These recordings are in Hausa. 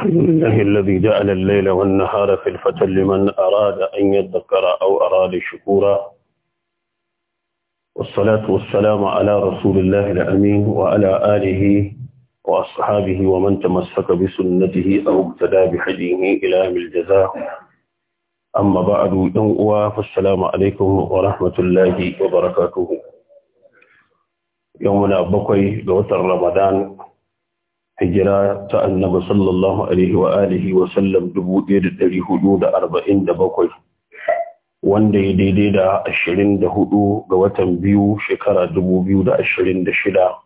الحمد لله الذي جعل الليل والنهار في الفتل لمن أراد أن يذكر أو أراد شكورا والصلاة والسلام على رسول الله الأمين وعلى آله وأصحابه ومن تمسك بسنته أو اقتدى بحديه إلى يوم الجزاء أما بعد فالسلام عليكم ورحمة الله وبركاته يومنا بقي لوتر رمضان hijira ta annaba sallallahu alaihi wa alihi wa sallam 1447 wanda ya daidai da 24 ga watan biyu shekara 2026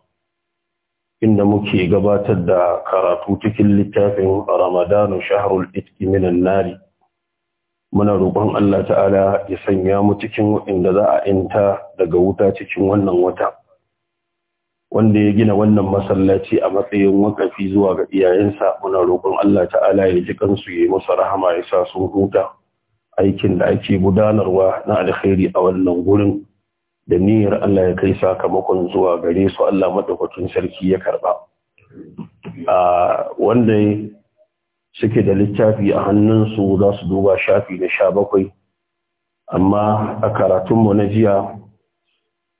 inda muke gabatar da karatu cikin littafin ramadanu shaharul itki minan nari muna roƙon Allah ta'ala ya sanya mu cikin waɗanda za a inta daga wuta cikin wannan wata wanda ya gina wannan masallaci a matsayin wakafi zuwa ga iyayensa muna roƙon Allah ta'ala ya ji kansu ya yi masa rahama ya sa sun huta aikin da ake gudanarwa na alkhairi a wannan gurin da niyyar Allah ya kai sakamakon zuwa gare su Allah madaukakin sarki ya karba a wanda suke da littafi a hannunsu za su duba shafi na sha bakwai amma a karatunmu na jiya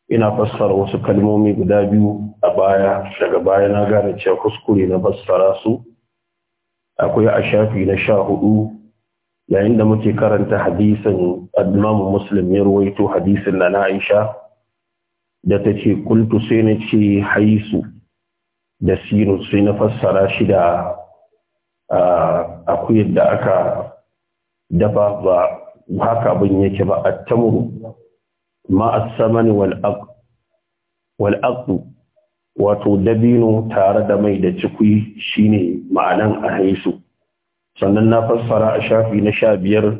ina fassara wasu kalmomi guda biyu a baya daga baya na gane cewa kuskure na fassara su akwai a shafi na sha hudu yayin da muke karanta hadisin imam muslim ya ruwaito hadisin na aisha da ta ce kultu sai na ce haisu da sinu sai na fassara shi da akuyar da aka dafa ba haka abin yake ba a tamuru ma a saman wal wato dabino tare da mai da cikui shine ma'anan haisu. sannan na fassara a shafi na sha biyar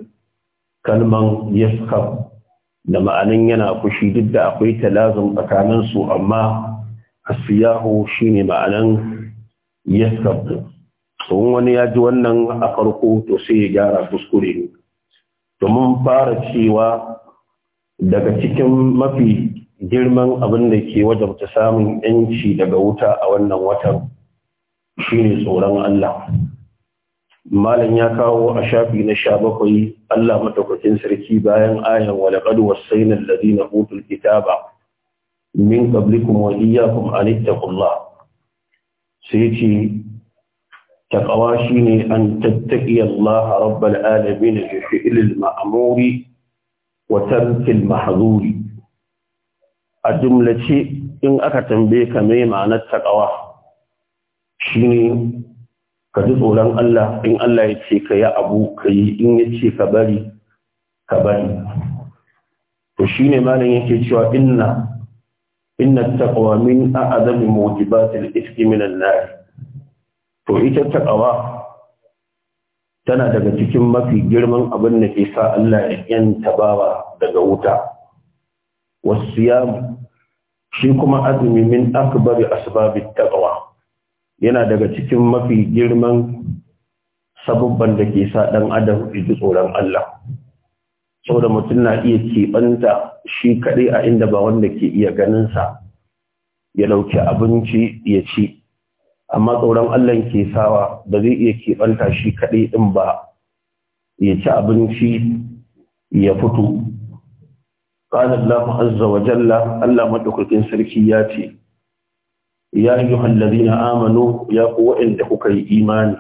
kalman yaskab da ma'anan yana kushi duk da akwai talazum tsakanin su amma asiyahu shine ma'anan yaskab tsohon wani ya ji wannan a farko to sai ya gyara kuskure ne domin fara cewa daga cikin mafi girman abin da ke wajabta samun yanci daga wuta a wannan watan shine tsoron Allah malam ya kawo a shafi na sha bakwai Allah madaukakin sarki bayan ayan wa laqad wasaina alladhina utul kitaba min qablikum wa iyyakum an ittaqullah sai ce taqwa shine an tattaqi Allah rabbal alamin fi ilal ma'muri wa tarkil mahzuri a jumlace in aka tambaye ka me ma'anar taqwa shine ka ji tsoron Allah in Allah ya ce ka yi abu ka yi in ya ce ka bari ka bari to shine malam yake cewa inna inna taqwa min a'zami mujibatil iski min an-nar to ita ƙawa. tana daga cikin mafi girman abin da ke sa Allah ya yanta tabawa daga wuta wasiyam shi kuma azumi min akbari asbabit taqwa yana daga cikin mafi girman sabubban da ke sa dan adam ji tsoron Allah saboda mutum na iya keɓanta shi kaɗai a inda ba wanda ke iya ganinsa ya ɗauki abinci ya ci amma tsoron Allah ke sawa ba zai iya keɓanta shi kaɗai ɗin ba ya ci abinci ya fito ƙanar lafi azza wa jalla Allah maɗaukakin sarki ya ce ya yi hallari na amano ya ku waɗanda kuka yi imani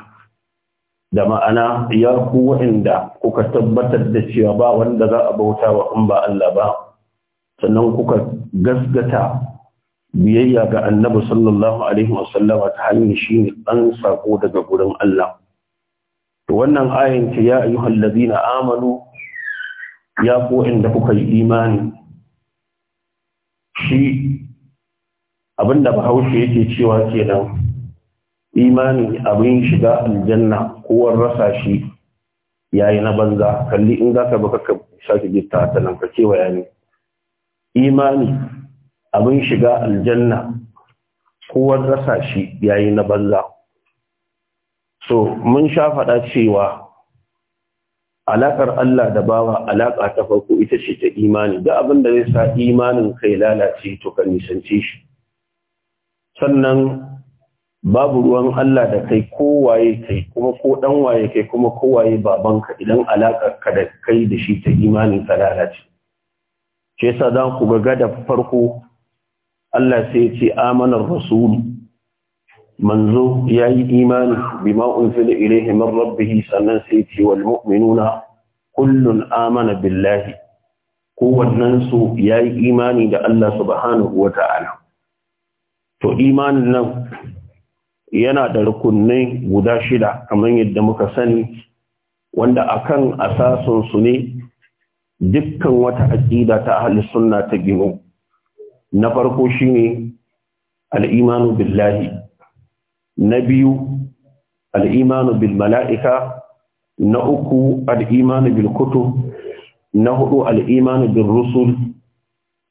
da ma'ana ya ku waɗanda kuka tabbatar da cewa ba wanda za a bauta wa in ba Allah ba sannan kuka gasgata biyayya ga annabi sallallahu alaihi wasallam ta hanyar shi ne ɗan sako daga gurin Allah. to Wannan ayin ta ya ayyuhal ladina amanu ya ko inda kuka yi imani shi abinda bahaushe yake cewa kenan imani abin shiga aljanna kowar rasa shi yayi na banza kalli in zaka baka ka sake gitta ta nan ka cewa yani imani abin shiga aljanna kowar rasa shi yayi na banza so mun sha faɗa cewa alaƙar Allah da bawa alaƙa ta farko ita ce ta imani da abin da zai sa imanin kai lalace to ka nisance shi sannan babu ruwan Allah da kai kowaye kai kuma ko dan waye kai kuma kowaye babanka idan alaƙar ka da kai da shi ta imanin ka lalace shi yasa za ku ga gada farko Allah sai ya ce amanar rasulu manzo ya yi imani bima unzila ilaihi min rabbih sannan sai ce wal mu'minuna kullun amana billahi wannan su ya yi imani da Allah subhanahu ta'ala, to imanin nan yana da rukunai guda shida kamar yadda muka sani wanda akan asasun su ne dukkan wata aƙida ta ahli sunna ta gino na farko shine al'imanu billahi na biyu al'imanu bil mala'ika na uku al'imanu bil kutu na hudu al'imanu bil rusul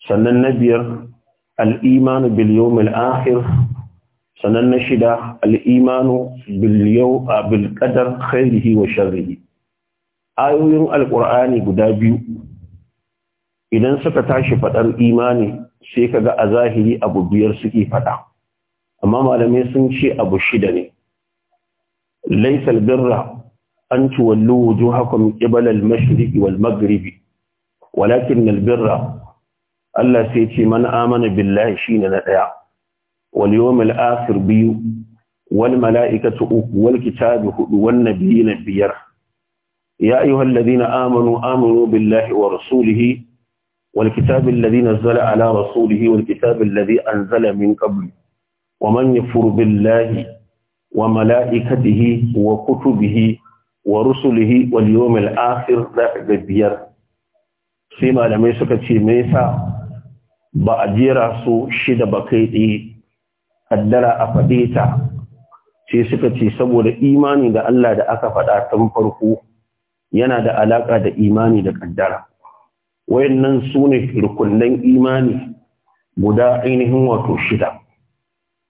sannan na biyar al'imanu bil yawmil ahir, sannan na shida al'imanu ah, bil qadar khairihi wa sharrihi ayoyin alƙur'ani guda biyu idan suka tashi faɗar imani sai kaga a zahiri abu biyar suke faɗa amma malamai sun ce abu shida ne laisal birra an tuwallu wujuhakum qibala al-mashriqi wal maghribi walakin al-birra Allah sai ce man amana billahi shine na daya wal yawmil akhir biyu wal mala'ikatu uku wal kitabi hudu wan nabiyina biyar ya ayyuhal amanu amanu billahi wa rasulihi والكتاب الذي نزل على رسوله والكتاب الذي أنزل من قبل ومن يفر بالله وملائكته وكتبه ورسله واليوم الآخر ذاك بيار سيما لم يسكت ميسا بأجيرا سو شد بكيتي قدر أفديتا sai suka ce saboda imani da Allah da aka faɗa tun farko yana da alaƙa da imani da ƙaddara. wayannan su ne rukunnan imani guda ainihin wato shida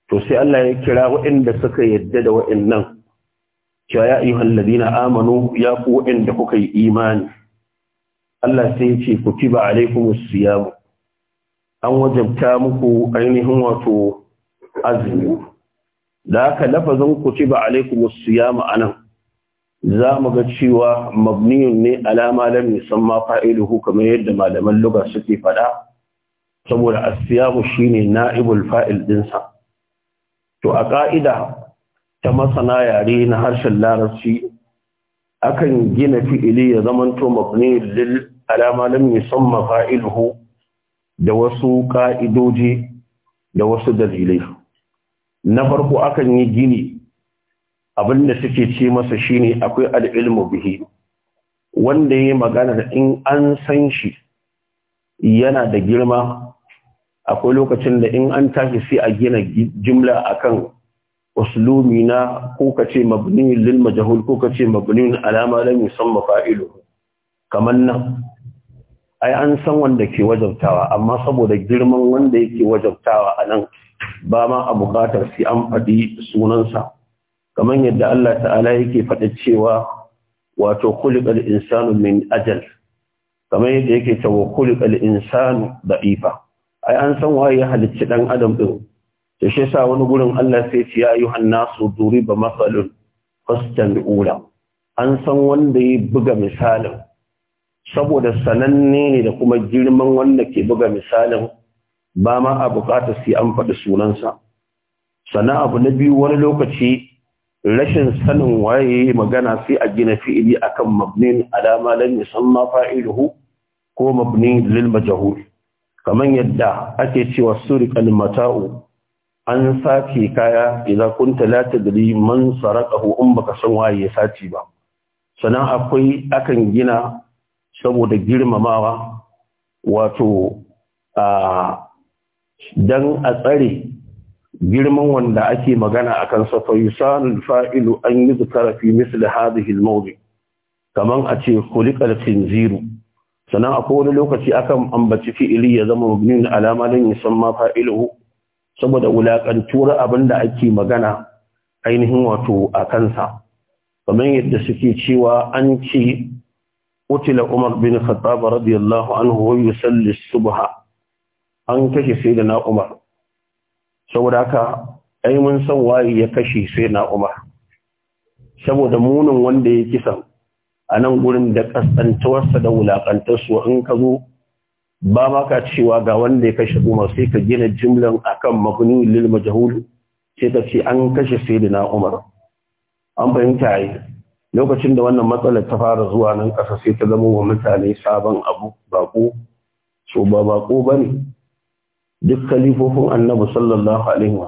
to sai Allah ya kira waɗanda suka yadda da waɗannan cewa ya ayyuhal ladina amanu ya ku waɗanda kuka yi imani Allah sai ya ce kutiba alaikumus siyam an wajabta muku ainihin wato azumi da haka lafazin kutiba alaikumus siyam anan za mu ga cewa mabniyun ne alama lam yusamma fa'iluhu kamar yadda malaman lugha suke faɗa saboda asiyabu shine na'ibul fa'il ɗinsa. to a ka'ida ta masana yare na harshen larabci akan gina fi'ili ya zamanto mabni lil alama lam yusamma fa'iluhu da wasu ka'idoji da wasu dalilai na farko akan yi gini abin da suke ce masa shine akwai al'ilmu bihi wanda ya magana da in an san shi yana da girma akwai lokacin da in an tashi sai a gina jimla akan uslumi na ko ka ce mabinin lilma jahul ko ka ce mabinin alama na yusamma fa'ilu kamar nan ai an san wanda ke wajabtawa amma saboda girman wanda yake wajabtawa a nan ba ma a bukatar sai an faɗi sunansa kamar yadda Allah ta'ala yake faɗa cewa wato kulikal insanu min ajal kamar yadda yake cewa kulikal insanu da'ifa ai an san waye ya halicci dan adam ɗin, to shi yasa wani gurin Allah sai ya ce ya ayuhan nasu duriba masalun fastami'u ula an san wanda ya buga misalin saboda sananne ne da kuma girman wanda ke buga misalin ba ma a bukatar sai an faɗi sunansa sana abu na biyu wani lokaci rashin sanin waye magana sai a gina fi'ili akan mabnin alama lam yusamma fa'iluhu ko mabni lil majhul kaman yadda ake cewa suriqal mata'u an sace kaya idan kunta la tadri man saraqahu in baka san waye ya sace ba sannan akwai akan gina saboda girmamawa wato a dan a tsare girman wanda ake magana a kan fa yusanul fa'ilu an yi zukara fi misli hadhihi al-mawdi kaman a ce khuliqal khinziru sannan akwai wani lokaci akan ambaci fi'ili ya zama mabnin alama dan ma Failu? saboda wulakantuwar abin da ake magana ainihin wato a kansa kamar yadda suke cewa an ce utila umar bin khattab radiyallahu anhu wa yusalli subha an kashe na umar saboda haka ai mun san waye ya kashe sai na umar saboda munin wanda ya kisan a nan gurin da kasantuwarsa da wulakantarsu in ka zo ba ma ka cewa ga wanda ya kashe umar sai ka gina jimlan akan mabni lil majhul sai ka ce an kashe na umar an fahimta yi lokacin da wannan matsalar ta fara zuwa nan kasa sai ta zama wa mutane sabon abu bako so ba bako bane duk kalifofin annabi sallallahu alaihi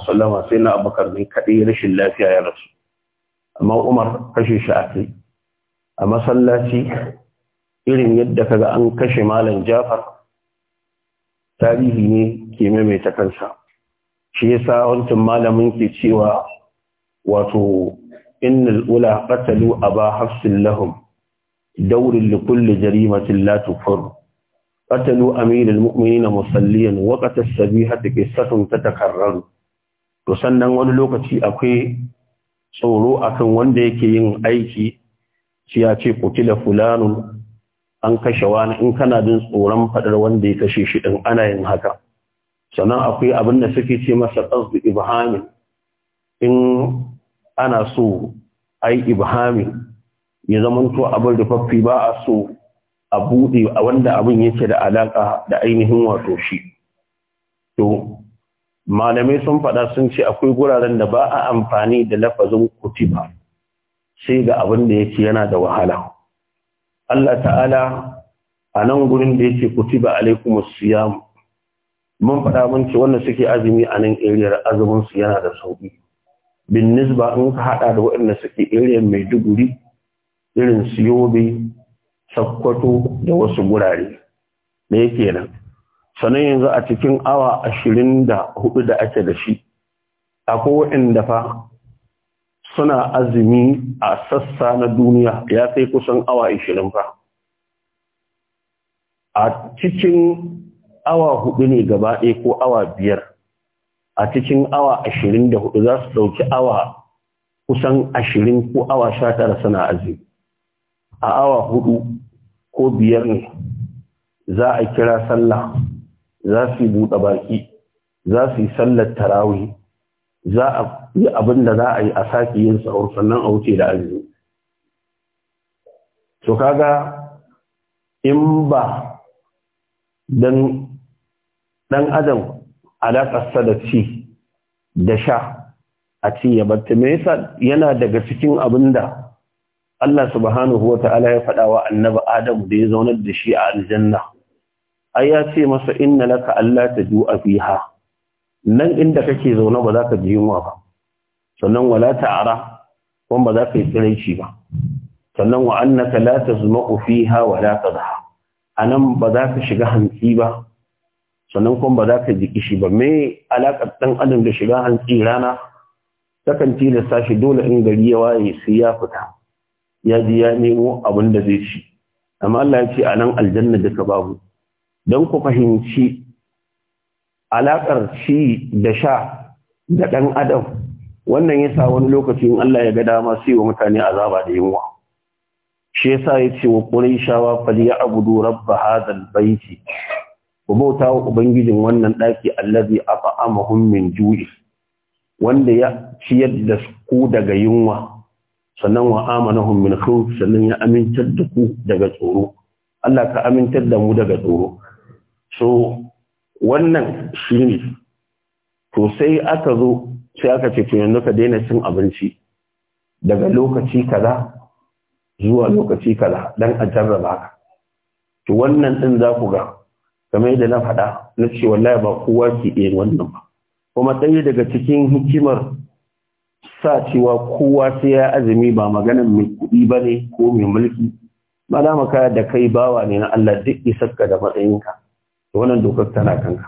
sai na abakar ne kaɗai rashin lafiya ya rasu amma umar kashe shi a kai a masallaci irin yadda kaga an kashe malam jafar tarihi ne ke maimaita kansa shi yasa wancan malamin ke cewa wato innal ula qatalu aba hafsin lahum daurin likulli jarimatin la tufur har أمير ke مصليا ta السبيحة To sannan wani lokaci akwai tsoro akan wanda yake yin aiki shi ya ce kutila fulanun an kashe wani in kana bin tsoron fadar wanda ya kashe shi din ana yin haka sannan akwai abin da suke ce masa qasdu ibhami in ana so ai ibhami ya zamanto abin rufaffi ba a so a buɗe a wanda abin yake da alaƙa da ainihin wato shi to malamai sun faɗa sun ce akwai guraren da ba a amfani da lafazin kutiba sai ga abin da yake yana da wahala Allah ta'ala a nan gurin da yake kutiba alaikumus siyam mun faɗa mun ce wanda suke azumi a nan eriyar azuminsu yana da sauƙi bin nisba in ka haɗa da waɗanda suke eriyar duguri irin su yobe sakkwato da wasu gurare da yake nan sannan yanzu a cikin awa ashirin da hudu da ake da shi akwai waɗanda fa suna azumi a sassa na duniya ya kai kusan awa ashirin fa a cikin awa hudu ne gaba ɗaya ko awa biyar a cikin awa ashirin da hudu za su ɗauki awa kusan ashirin ko awa sha tara suna azumi a awa hudu ko biyar ne za a kira sallah za su yi buɗe baki za su yi sallar tarawi, za a yi abin da za a yi a sake yin sa'ur sannan a wuce da azumi to kaga in ba dan dan adam alaƙarsa da da sha a ci ya batta me yasa yana daga cikin abin da Allah subhanahu wa ta'ala ya faɗa wa annabi Adam da ya zaunar da shi a aljanna. Ai ya ce masa inna laka Allah ta ju'a fiha. Nan inda kake zaune ba za ka ji yunwa ba. Sannan wala ta'ara kuma ba za ka yi tsiraici ba. Sannan wa annaka la tazma'u fiha wa la tadha. Anan ba za ka shiga hantsi ba. Sannan kuma ba za ka ji kishi ba. Me alaƙar ɗan adam da shiga hantsi rana? Takan tilasta shi dole in gari ya waye sai ya fita. ya ji ya nemo abin da zai ci amma Allah ya ce a nan aljanna ka babu don ku fahimci alaƙar ci da sha da ɗan adam wannan yasa wani lokacin Allah ya ga dama sai wa mutane azaba da yunwa shi yasa ya ce wa quraishawa falyabudu rabb hadha baiti ku bauta wa ubangijin wannan daki allazi afa'amahum min ju'i wanda ya ciyar da su daga yunwa sannan wa amanahum min khawf sannan ya amintar da ku daga tsoro Allah ka amintar da mu daga tsoro so wannan shine to sai aka zo sai aka ce to yanzu ka daina cin abinci daga lokaci kaza zuwa lokaci kaza dan a jarraba ka to wannan din za ku ga kamar yadda na faɗa na ce wallahi ba kowa ke iya wannan ba kuma ɗaya daga cikin hikimar sa cewa kowa sai ya azumi ba maganan mai kuɗi ba ne ko mai mulki malama ka da kai bawa ne na Allah duk ka da matsayinka da wannan dokar tana kanka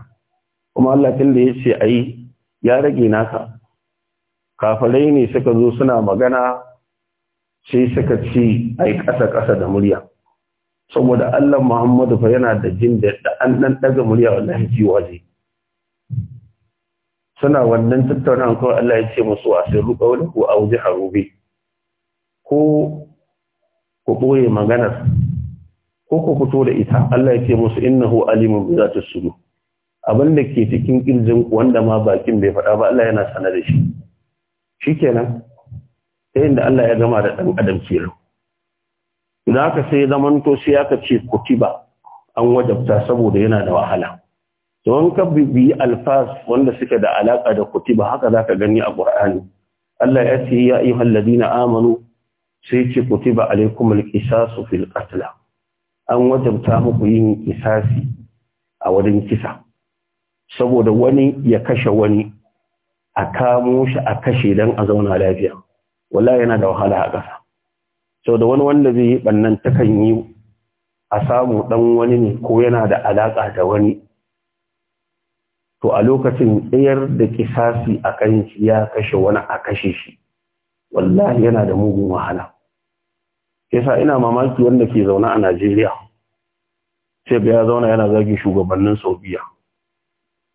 kuma Allah tun da ya ce a yi ya rage naka kafarai ne suka zo suna magana sai suka ce ai ƙasa ƙasa da murya saboda Allah Muhammadu fa yana da jin da an ɗan ɗaga murya wallahi ji waje suna wannan tattaunawa kawai Allah ya ce musu a ko a wa a bi ko ku ɓoye maganar ko ku fito da ita Allah ya ce musu innahu alimun za ta sudur abin da ke cikin ƙirjin wanda ma bakin bai faɗa ba Allah yana sanar da shi shikenan ta yin da Allah ya gama da ɗan adam kenan idan aka sai zamanto sai aka ce kutiba an wajabta saboda yana da wahala to an ka bibiyi alfas wanda suke da alaka da kutiba haka zaka gani a qur'ani Allah ya ce ya ayyuhal ladina amanu sai ce kutiba alaikumul qisasu fil qatl an wajabta muku yin isasi a wurin kisa saboda wani ya kashe wani a kamo shi a kashe dan a zauna lafiya wallahi yana da wahala a ƙasa saboda wani wanda zai yi bannan takan yi a samu dan wani ne ko yana da alaƙa da wani to a lokacin ɗayar da kisasi a kan shi ya kashe wani a kashe shi wallahi yana da mugun wahala yasa ina mamaki wanda ke zaune a Najeriya sai ya zauna yana zagi shugabannin biya.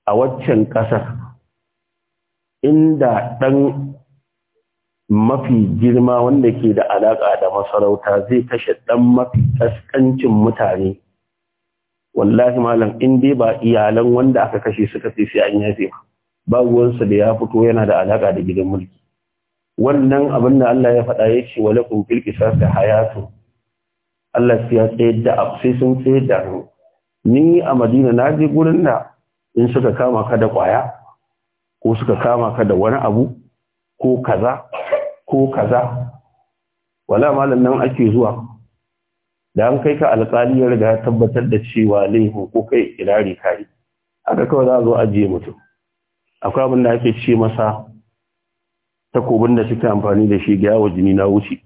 a waccan ƙasar inda ɗan mafi girma wanda ke da alaƙa da masarauta zai kashe ɗan mafi ƙasƙancin mutane wallahi malam in dai ba iyalan wanda aka kashe suka ce sai an yafe ba babuwansa da ya fito yana da alaka da gidan mulki wannan abin da Allah ya faɗa ya ce wala kun fil qisas hayatu Allah sai ya tsayar da sai sun tsayar da ni a Madina na je gurin da in suka kama ka da kwaya ko suka kama ka da wani abu ko kaza ko kaza wala malam nan ake zuwa da an kai ka alƙali ya riga tabbatar da cewa laifin ko kai kirari kai haka kawai za a zo ajiye mutum akwai abin da ake ce masa takobin da suke amfani da shi ga yawo jini na wuce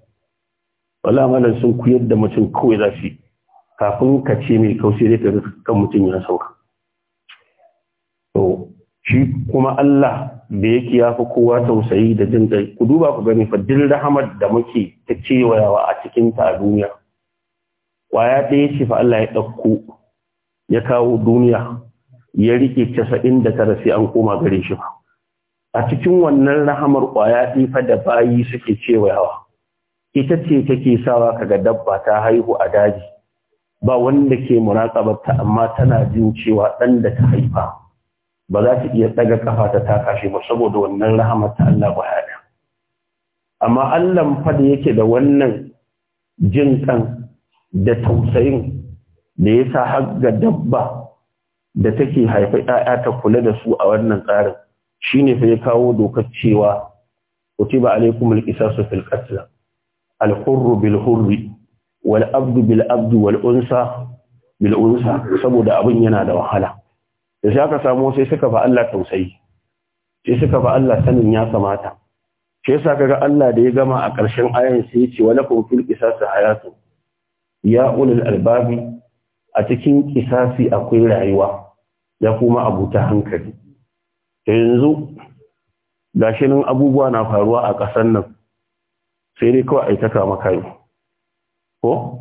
wala malam sun kuyar da mutum kawai za su kafin ka ce mai kausi dai ka kan mutum ya sauka to shi kuma Allah da yake ya fi kowa tausayi da jin kai ku duba ku gani fa dil rahmat da muke ta cewa a cikin ta a duniya kwaya ɗaya ce fa Allah ya ɗauko ya kawo duniya ya rike casa'in da tara sai an koma gare shi ba a cikin wannan rahamar ƙwaya ɗifa da bayi suke yawa. ita ce take sawa kaga dabba ta haihu a daji ba wanda ke muraƙabarta amma tana jin cewa ɗan da ta haifa ba za ta iya ɗaga ƙafa ta taka shi ba saboda wannan rahamar ta Allah ba amma Allah fa da yake da wannan jin kan da tausayin da ya sa har dabba da take haifa ‘ya'ya ta kula da su a wannan tsarin shi ne sai kawo dokar cewa kutiba alaikum alqisasu fil qatl al hurru wal abdu bil saboda abin yana da wahala da shi aka samu sai suka fa Allah tausayi sai suka fa Allah sanin ya kamata sai yasa kaga Allah da ya gama a ƙarshen ayan sai ya ce walakum fil su hayatu ya ulul albabi a cikin kisasi akwai rayuwa ya kuma abuta hankali yanzu gashi nan abubuwa na faruwa a ƙasar nan sai dai kawai a ta kama ko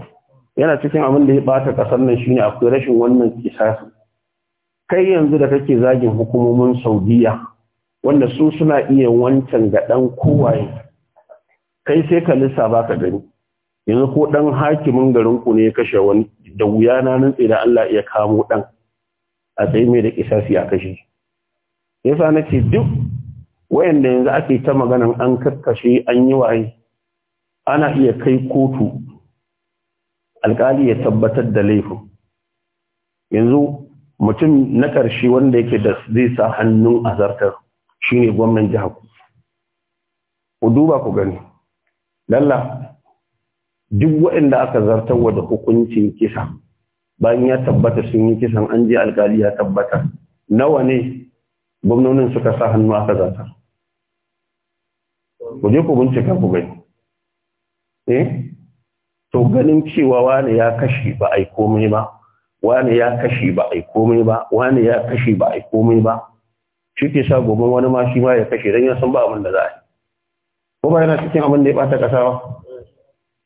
yana cikin abin da ya bata ƙasar nan shine akwai rashin wannan kisasi kai yanzu da kake zagin hukumomin saudiya wanda su suna iya wancan ga dan kowaye kai sai ka lissa baka ka gani yanzu ko ɗan hakimin garin ku ne ya kashe wani da wuya na nutse da Allah iya kamo ɗan, a tsaye mai da kisasi a kashe yasa nace duk wayanda yanzu ake ta magana an kakkashe an yi waye ana iya kai kotu alkali ya tabbatar da laifin yanzu mutum na ƙarshe wanda yake da zai sa hannun azartar shine gwamnan jihar ku duba ku gani lalla duk waɗanda aka zartar da hukuncin kisa bayan ya tabbata sun yi kisan an je alkali ya tabbata nawa ne gwamnonin suka sa hannu aka zata ku je ku bincika ku gani eh to ganin cewa wani ya kashi ba ai komai ba wani ya kashi ba ai komai ba wani ya kashi ba ai komai ba shi ke sa gobe wani ma shi ma ya kashe don ya san ba abin da za a yi ko ba yana cikin abin da ya bata kasa ba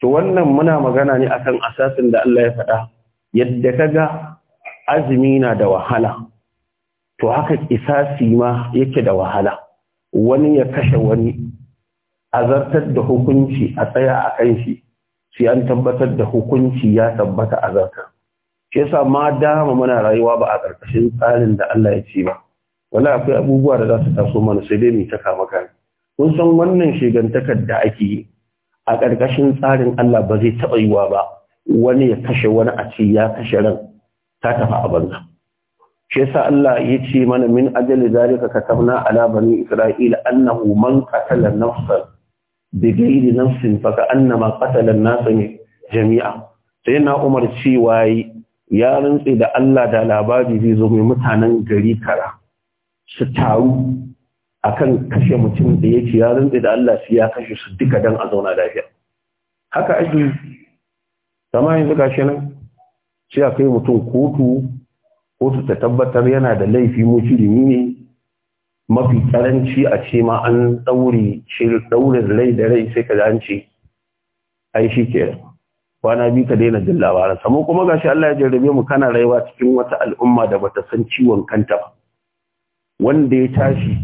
to wannan muna magana ne akan asasin da Allah ya faɗa yadda ka ga azumi na da wahala to haka isasi ma yake da wahala wani ya kashe wani azartar da hukunci a tsaya a kan shi sai an tabbatar da hukunci ya tabbata azarta shi yasa ma dama muna rayuwa ba a ƙarƙashin tsarin da Allah ya ce ba wala akwai abubuwa da za su taso mana sai dai mu ta kama kun san wannan shigantakar da ake yi a ƙarƙashin tsarin Allah ba zai taɓa yiwa ba wani ya kashe wani a ce ya kashe ran ta tafi a banza shi yasa Allah ya ce mana min ajali ka katabna ala bani isra'ila annahu man qatala nafsan bi ghairi nafsin fa ka annama qatala an jami'a sai na Umar cewa ya rantse da Allah da labari zai zo mai mutanen gari kara su taru akan kashe mutum da ya ci ya rantse da Allah shi ya kashe su duka dan a zauna lafiya haka ake kamar yanzu gashi nan sai a kai mutum kotu kotu ta tabbatar yana da laifi mu musulmi ne mafi karanci a ce ma an daure shi daure rai da rai sai ka an ce ai shi ke kwana biyu ka daina jin labaran mu kuma gashi Allah ya jarrabe mu kana rayuwa cikin wata al'umma da bata san ciwon kanta ba wanda ya tashi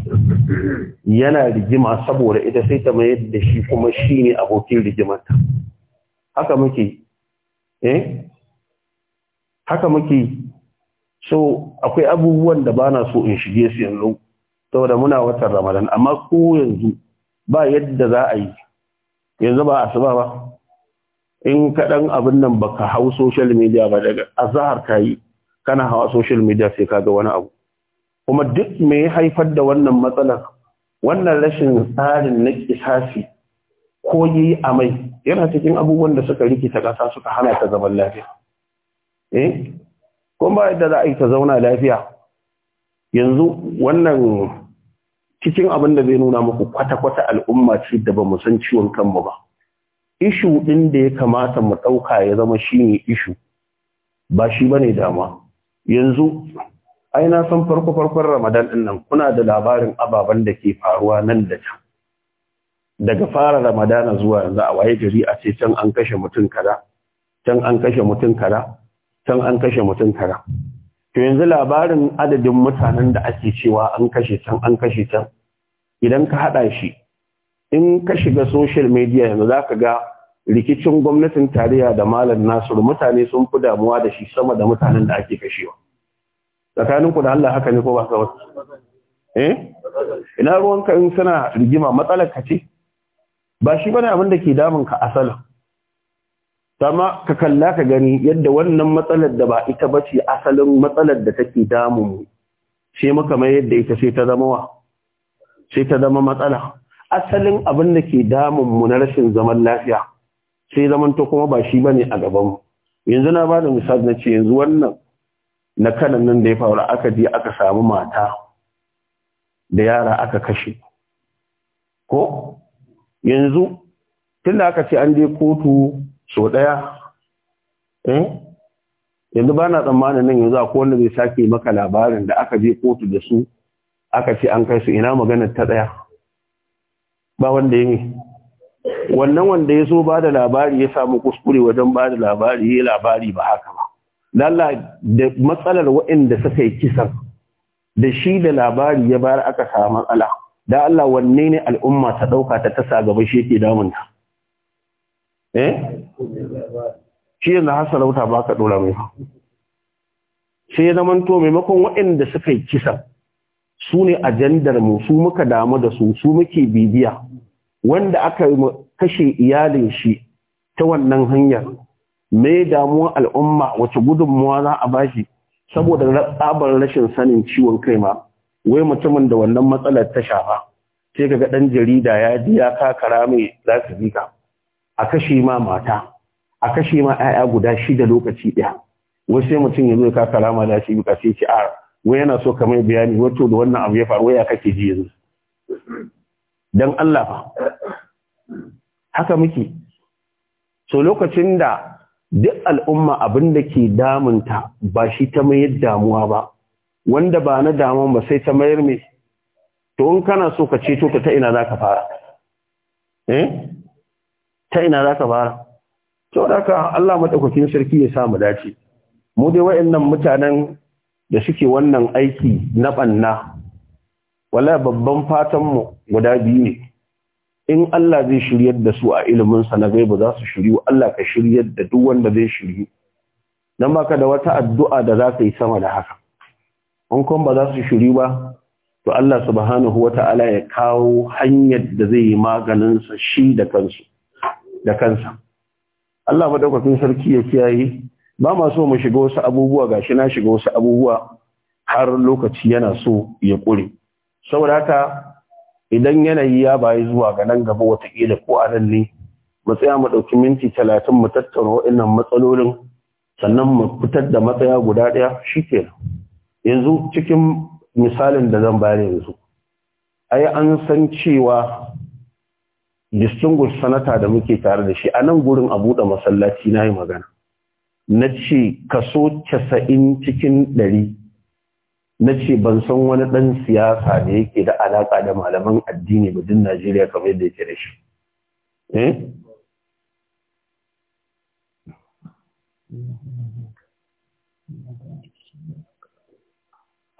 yana rigima saboda ita sai ta mayar da shi kuma shi ne abokin rigimata, haka muke eh haka muke so akwai abubuwan da bana so in shige su yanzu saboda muna watan ramadan amma ko yanzu ba yadda za a yi yanzu ba asuba ba in kaɗan abin nan baka hau social media ba daga azahar ka yi kana hawa social media sai kaga ga wani abu kuma duk me ya haifar da wannan matsalar wannan rashin tsarin na kisasi ko yi amai yana cikin abubuwan da suka rikita ƙasa suka hana ta zaman lafiya eh kuma ba yadda za a yi ta zauna lafiya yanzu wannan cikin abin da zai nuna muku kwata-kwata al'umma ce da ba mu san ciwon kanmu ba ishu ɗin da ya kamata mu ɗauka ya zama shi ne ishu ba shi ba ne dama yanzu ai na san farko farkon Ramadan din nan kuna da labarin ababen da ke faruwa nan da can daga fara Ramadana zuwa yanzu a waye gari a ce can an kashe mutum kaza can an kashe mutum kaza can an kashe mutum kaza to yanzu labarin adadin mutanen da ake cewa an kashe can an kashe can idan ka haɗa shi in ka shiga social media yanzu za ka ga rikicin gwamnatin tarayya da malam Nasiru mutane sun fi damuwa da shi sama da mutanen da ake kashewa tsakaninku da Allah haka ne ko ba ka wasu eh ina ruwanka in suna rigima matsalar ka ce ba shi bane abin da ke damun ka asalin sama ka kalla ka gani yadda wannan matsalar da ba ita bace asalin matsalar da take damun mu sai muka mai yadda ita sai ta zama wa sai ta zama matsala asalin abin da ke damun mu na rashin zaman lafiya sai zaman to kuma ba shi bane a gaban mu yanzu na bada misali na ce yanzu wannan na kanan nan da ya faru aka je aka samu mata da yara aka kashe ko yanzu tunda aka ce an je kotu so daya eh? yanzu ba na tsammanin nan yanzu akwai wanda zai sake maka labarin da aka je kotu da su aka ce an kai su ina maganar ta daya ba wanda ya wannan wanda ya so ba da labari ya samu kuskure wajen ba da labari ya labari ba haka ba lalla da matsalar wa'inda suka yi kisan da shi da labari ya bayar aka samu matsala da Allah wanne ne al'umma ta ɗauka ta tasa gaba shi yake ta. eh shi yanzu har sarauta ba ka ɗora mai sai ya to maimakon wa'inda suka yi kisan su ne ajandar mu su muka damu da su su muke bibiya wanda aka kashe iyalin shi ta wannan hanyar me damuwar al'umma wace gudunmuwa za a bashi saboda tsabar rashin sanin ciwon kai ma wai mutumin da wannan matsalar ta shafa sai ga ɗan jarida ya ji ya kakara mai ka? a kashe ma mata a kashe ma 'ya'ya guda shida lokaci ɗaya wai sai mutum ya zo ya kakara ma lasifika sai ce a wai yana so kamar bayani wato da wannan abu ya faru wai ya kake ji yanzu dan Allah fa haka muke so lokacin da duk al'umma abin da ke damunta ba shi ta mayar damuwa ba wanda ba na damun ba sai ta mayar mai to in kana so ka ce to ta ina za ka fara eh ta ina za ka fara to da ka Allah madaukakin sarki ya sa dace mu dai wayannan mutanen da suke wannan aiki na ɓanna. wala babban fatanmu guda biyu ne in Allah zai shiryar da su a iliminsa na gaibu za su shiryu Allah ka shiryar da duk wanda zai shiryu dan baka da wata addu'a da za ka yi sama da haka in kuma ba za su shiryu ba to Allah subhanahu ta'ala ya kawo hanyar da zai yi maganin shi da kansu da kansa Allah madaukakin sarki ya kiyaye ba ma so mu shiga wasu abubuwa gashi na shiga wasu abubuwa har lokaci yana so ya ƙure saboda haka idan yanayi ya bayi zuwa ga nan gaba watakila ko a nan ne mu tsaya mu ɗauki minti talatin mu tattauna waɗannan matsalolin sannan mu fitar da matsaya guda ɗaya shi yanzu cikin misalin da zan bayar yanzu ai an san cewa distinguish sanata da muke tare da shi a nan gurin a buɗe masallaci na yi magana na ce kaso casa'in cikin ɗari na ce ban san wani ɗan siyasa da yake da alaƙa da malaman addini ba Najeriya kamar yadda yake da shi. Eh?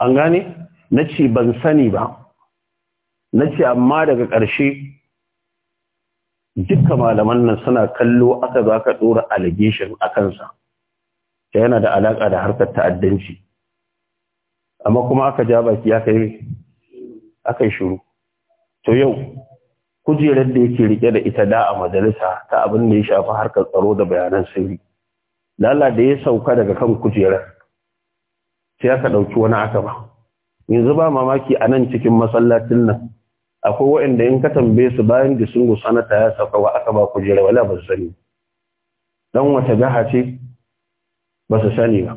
An gane? Na ce ban sani ba, na ce amma daga ƙarshe duka malaman nan suna kallo aka za ka ɗora allegation a kansa, yana da alaƙa da harkar ta'addanci. amma kuma aka ja baki aka yi aka yi shuru to yau kujerar da yake rike da ita da a majalisa ta abin da ya shafi harkar tsaro da bayanan sirri lala da ya sauka daga kan kujerar sai aka ɗauki wani aka ba yanzu ba mamaki a nan cikin masallacin nan akwai waɗanda in ka tambaye su bayan da sun sanata ya sauka wa aka ba kujerar wala ba su sani dan wata gaha ce ba su sani ba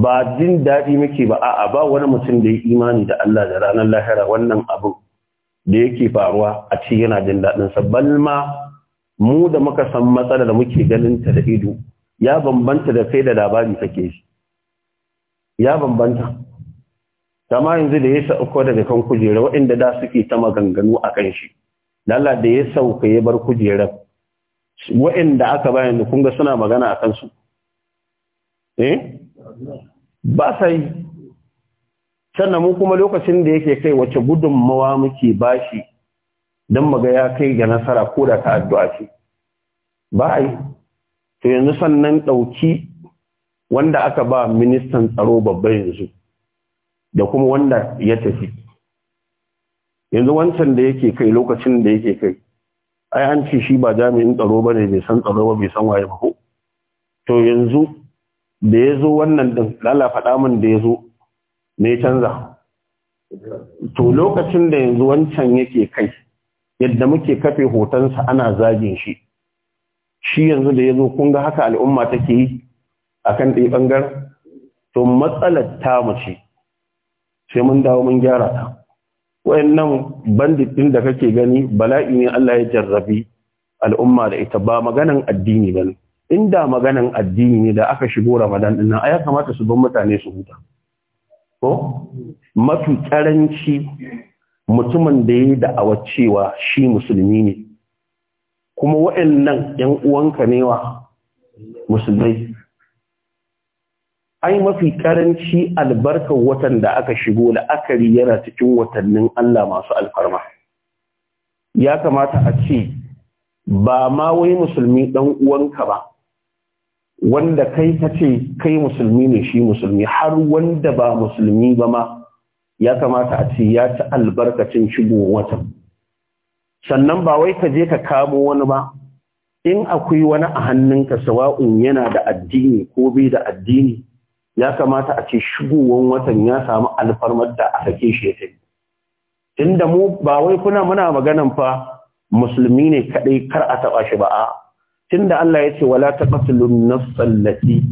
ba jin daɗi muke ba a'a ba wani mutum da ya imani da Allah da ranar lahira wannan abu da yake faruwa a ci yana jin daɗin sa balma mu da muka san matsala da muke ganin ta da ido ya bambanta da sai da labari take shi ya bambanta kama yanzu da ya sauko daga kan kujera waɗanda da suke ta maganganu a kan shi lalla da ya sauka ya bar kujera waɗanda aka bayan da kunga suna magana a kansu eh ba sai sannan mu kuma lokacin da yake kai wace gudunmawa muke bashi don maga ya kai ga nasara ko da ta addu'a ce ba ai to yanzu sannan ɗauki wanda aka ba ministan tsaro babba yanzu da kuma wanda ya tafi yanzu wancan da yake kai lokacin da yake kai ai an ce shi ba jami'in tsaro ba ne bai san tsaro ba bai san waye ba ko to yanzu da ya zo wannan din lala faɗa min da ya zo ne canza to lokacin da yanzu wancan yake kai yadda muke kafe hotonsa ana zagin shi shi yanzu da ya zo kun ga haka al'umma take yi a kan ɗaya ɓangar? to matsalar ta mace sai mun dawo mun gyara ta wayannan bandit ɗin da kake gani bala'i ne Allah ya jarrabi al'umma da ita ba maganan addini ba inda maganan addini ne da aka shigo ramadan dinnan ya kamata su bar mutane su huta ko mafi karanci mutumin da yayi da'awar cewa shi musulmi ne kuma wa'annan yan uwanka ne wa musulmai ai mafi karanci albarkar watan da aka shigo la'akari yana cikin watannin Allah masu alfarma ya kamata a ce ba ma wai musulmi dan uwanka ba wanda kai ka ce kai musulmi ne shi musulmi har wanda ba musulmi ba ma ya kamata a ce ya ci albarkacin shigo watan sannan ba wai ka je ka kamo wani ba in akwai wani a hannunka sawa'un yana da addini ko bai da addini ya kamata a ce shigowan watan ya samu alfarmar da a sake shi ya tafi inda mu ba wai kuna muna maganan fa musulmi ne kadai kar a taɓa shi ba a'a tunda Allah ya ce wala taqtulun nafsal lati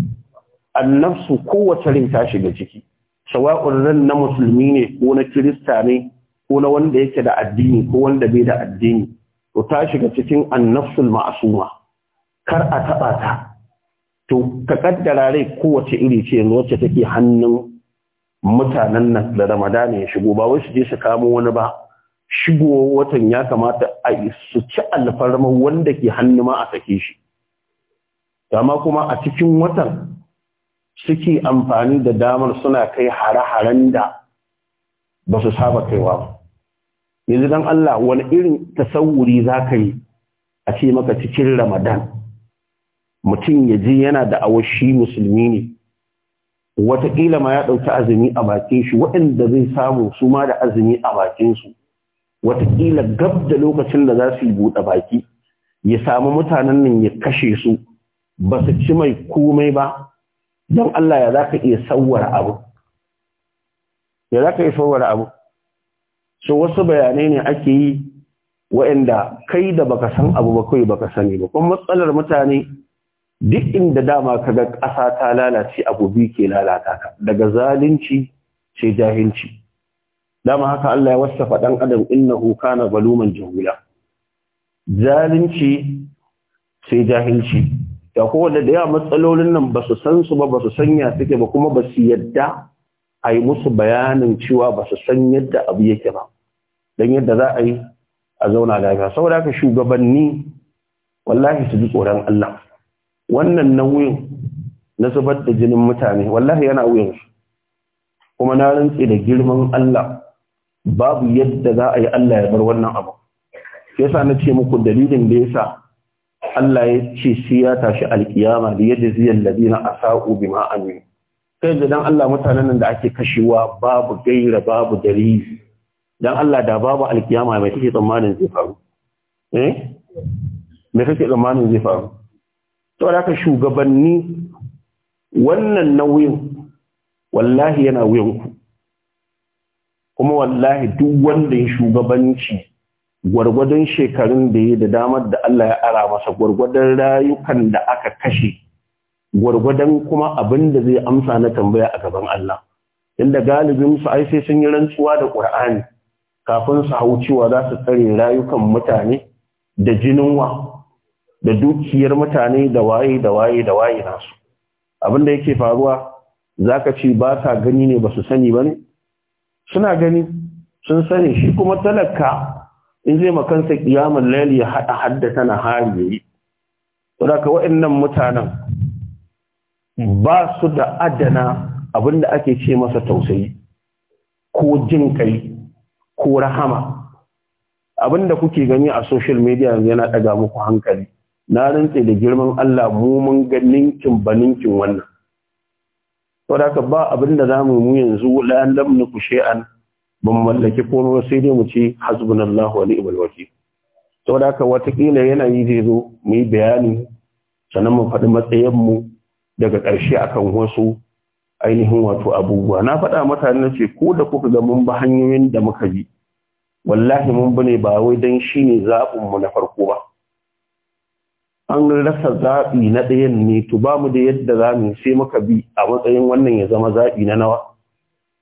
annafsu kowace rin ta shiga ciki sawa'un ran na musulmi ne ko na kirista ne ko na wanda yake da addini ko wanda bai da addini to ta shiga cikin annafsul ma'asuma kar a taba ta to ka kaddara rai kowace iri ce wacce take hannun mutanen nan da Ramadan ya shigo ba wai su je su kamo wani ba shigowar watan ya kamata a su ci alfarma wanda ke hannu ma a sake shi dama kuma a cikin watan suke amfani da damar suna kai hare-haren da ba su saba kaiwa ba yanzu don Allah wani irin tasawuri za ka yi a ce maka cikin ramadan mutum ya ji yana da awashi musulmi ne wataƙila ma ya ɗauki azumi a bakin shi waɗanda zai samu su ma da azumi a bakin su Wataƙila gab da lokacin da za su yi buɗe baki ya samu mutanen nan ya kashe su ba su ci mai komai ba don Allah ya za ka iya sauwara abu ya za ka iya sauwara abu so wasu bayanai ne ake yi wa'anda kai da baka san abu ba kawai baka sani ba kuma matsalar mutane duk inda dama ka ga ƙasa ta lalace abu biyu ke lalata ka daga zalunci sai jahilci dama haka Allah ya wasafa dan adam innahu kana zaluman jahula zalunci sai jahilci da kowanne da yawa matsalolin nan ba su san su ba ba su ya suke ba kuma ba su yadda a yi musu bayanin cewa ba su san yadda abu yake ba Dan yadda za a yi a zauna lafiya saboda haka shugabanni wallahi su ji tsoron Allah wannan nauyin na zubar da jinin mutane wallahi yana su. kuma na rantse da girman Allah babu yadda za a yi Allah ya bar wannan abu yasa na ce muku dalilin da yasa Allah ya ce shi ya tashi alkiyama da yadda ziyan ladina asa'u bima amin kai da dan Allah mutanen nan da ake kashewa babu gaira babu dalili dan Allah da babu alkiyama mai take tsammanin zai faru eh mai take tsammanin zai faru to da ka shugabanni wannan nauyin wallahi yana wuyanku kuma wallahi duk wanda ya shugabanci gwargwadon shekarun da ya da damar da Allah ya ara masa gwargwadon rayukan da aka kashe gwargwadon kuma abin da zai amsa na tambaya a gaban Allah inda galibin su ai sai sun yi rantsuwa da Qur'ani kafin su hau cewa za su tsare rayukan mutane da jininwa da dukiyar mutane da waye da waye da waye nasu abin da yake faruwa zaka ce ba sa gani ne ba su sani ba ne suna gani sun sani shi kuma talaka in zai makansa kiyamun laili ya haɗa haddata na hari yayi saboda ka wa'annan mutanen ba su da adana abinda ake ce masa tausayi ko jin kai ko rahama da kuke gani a social media yana ɗaga muku hankali na rantse da girman Allah mu mun ga ninkin ba ninkin wannan saboda haka ba abin da zamu mu yanzu la lam nuku shay'an ban mallaki komai sai dai mu ce hasbunallahu wa ni'mal wakil saboda haka watakila yanayi zai zo mu yi bayani sannan mu faɗi matsayin mu daga ƙarshe akan wasu ainihin wato abubuwa na faɗa mutane na ce ko da kuka ga mun ba hanyoyin da muka bi wallahi mun bane ba wai dan shine zaɓin mu na farko ba an rasa zaɓi na ɗayan ne to ba mu da yadda za mu sai muka bi a matsayin wannan ya zama zaɓi na nawa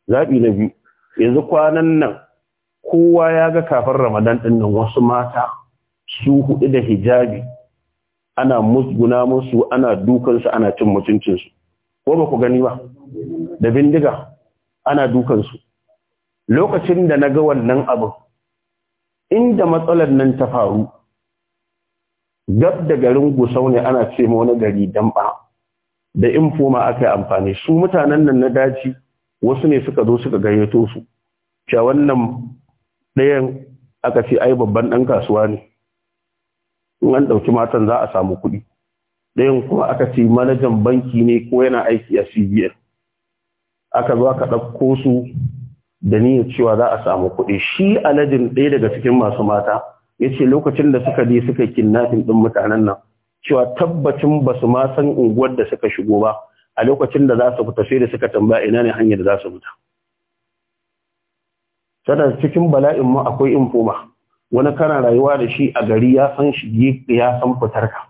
zaɓi na biyu yanzu kwanan nan kowa ya ga kafin ramadan ɗin nan wasu mata su hudu da hijabi ana musguna musu ana dukansu ana cin mutuncinsu ko ba ku gani ba da bindiga ana dukansu lokacin da na ga wannan abin inda matsalar nan ta faru gab da garin gusau ne ana ce ma wani gari damba da infoma aka yi amfani su mutanen nan na daji wasu ne suka zo suka gayyato su cewa wannan ɗayan aka ce ai babban ɗan kasuwa ne in an ɗauki matan za a samu kuɗi ɗayan kuma aka ce manajan banki ne ko yana aiki a cbn aka zo aka ɗauko su da niyyar cewa za a samu kuɗi shi aladin ɗaya daga cikin masu mata ya ce lokacin da suka je suka kinnafin ɗin mutanen nan cewa tabbacin ba su ma san unguwar da suka shigo ba a lokacin da za su fita sai da suka tambaya ina ne hanyar da za su fita tana cikin bala'in mu akwai infoma wani kana rayuwa da shi a gari ya san shi ya san ka.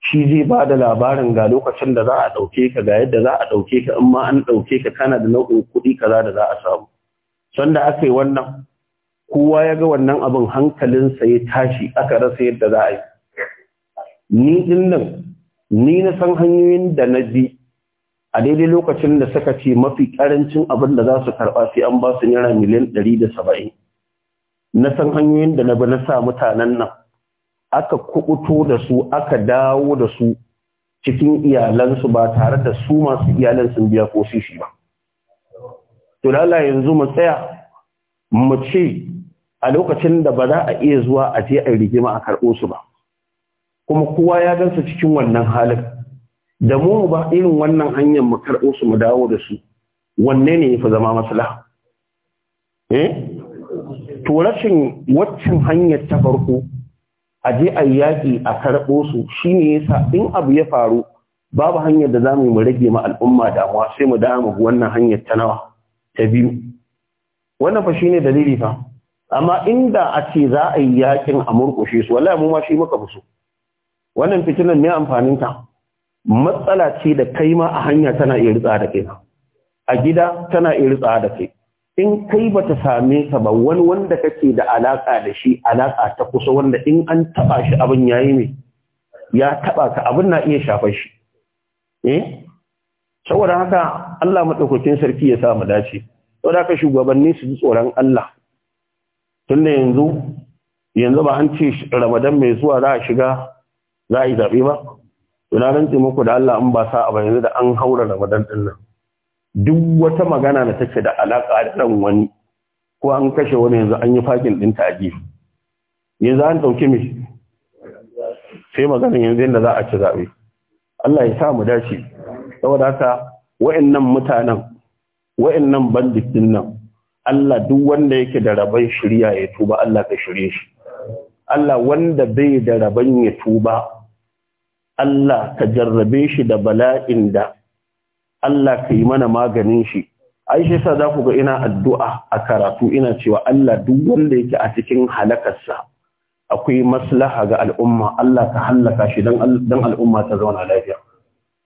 shi zai ba da labarin ga lokacin da za a ɗauke ka ga yadda za a ɗauke ka in ma an ɗauke ka kana da nau'in kuɗi kaza da za a samu sanda aka yi wannan kowa ya ga wannan abin hankalinsa ya tashi aka rasa yadda za a yi ni din nan ni na san hanyoyin da na bi a daidai lokacin da suka ce mafi karancin abin da za su karɓa sai an ba su naira miliyan ɗari da saba'in na san hanyoyin da na bi na sa mutanen nan aka kubuto da su aka dawo da su cikin iyalansu ba tare da su masu iyalan sun biya ko shi ba to yanzu mu tsaya mu ce a lokacin da ba za a iya zuwa a je a rigima a karɓo su ba kuma kowa ya gansa cikin wannan halin da mu ba irin wannan hanyar mu karɓo su mu dawo da su wanne ne ya fi zama masala eh to rashin waccan hanyar ta farko a je a yaƙi a karɓo su shine yasa in abu ya faru babu hanyar da za mu rage ma al'umma damuwa sai mu damu wannan hanyar ta nawa ta biyu wannan fa shine dalili fa amma inda a ce za a yi yakin a murkushe su wallahi mu ma shi muka fi so wannan fitinan ne amfanin ta matsala ce da kai ma a hanya tana iya ritsa da kai a gida tana iya ritsa da kai in kai bata same ka ba wani wanda kake da alaka da shi alaka ta kusa wanda in an taba shi abin yayi ne ya taba ka abin na iya shafa shi eh saboda haka Allah madaukakin sarki ya sa mu dace saboda ka shugabanni su ji tsoron Allah tunda yanzu yanzu ba an ce Ramadan mai zuwa za a shiga za a yi zaɓe ba to na muku da Allah an ba sa a yanzu da an haura Ramadan ɗin nan duk wata magana da take da alaƙa da ɗan wani ko an kashe wani yanzu an yi fakin ɗin ta ajiye. yanzu an ɗauki mi sai maganin yanzu yadda za a ci zaɓe. Allah ya sa mu dace saboda haka wa'annan mutanen waɗannan bandit din nan Allah duk wanda yake da rabon shirya ya tuba Allah ka shirye shi Allah wanda bai da rabon ya tuba Allah ka jarrabe shi da bala'in da Allah ka yi mana maganin shi Aisha sa za ku ga ina addu'a a karatu ina cewa Allah duk wanda yake a cikin halakarsa akwai maslaha ga al'umma Allah ka hallaka shi dan al'umma ta zauna lafiya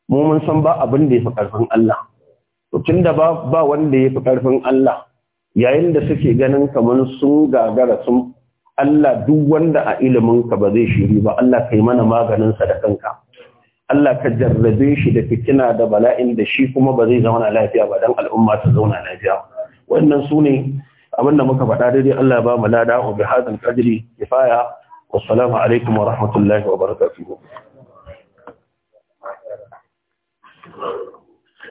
mu mun san ba abin da ya fi karfin Allah tun da ba wanda ya fi ƙarfin Allah yayin da suke ganin kamar sun gagara sun Allah duk wanda a iliminka ba zai shiri ba Allah ka yi mana maganinsa da kanka Allah ka jarrabe shi da fitina da bala'in da shi kuma ba zai zauna lafiya ba dan al'umma ta zauna lafiya wannan su ne abin da muka faɗa daidai Allah ba mu lada wa bi hadal qadri kifaya wassalamu alaikum wa rahmatullahi wa barakatuh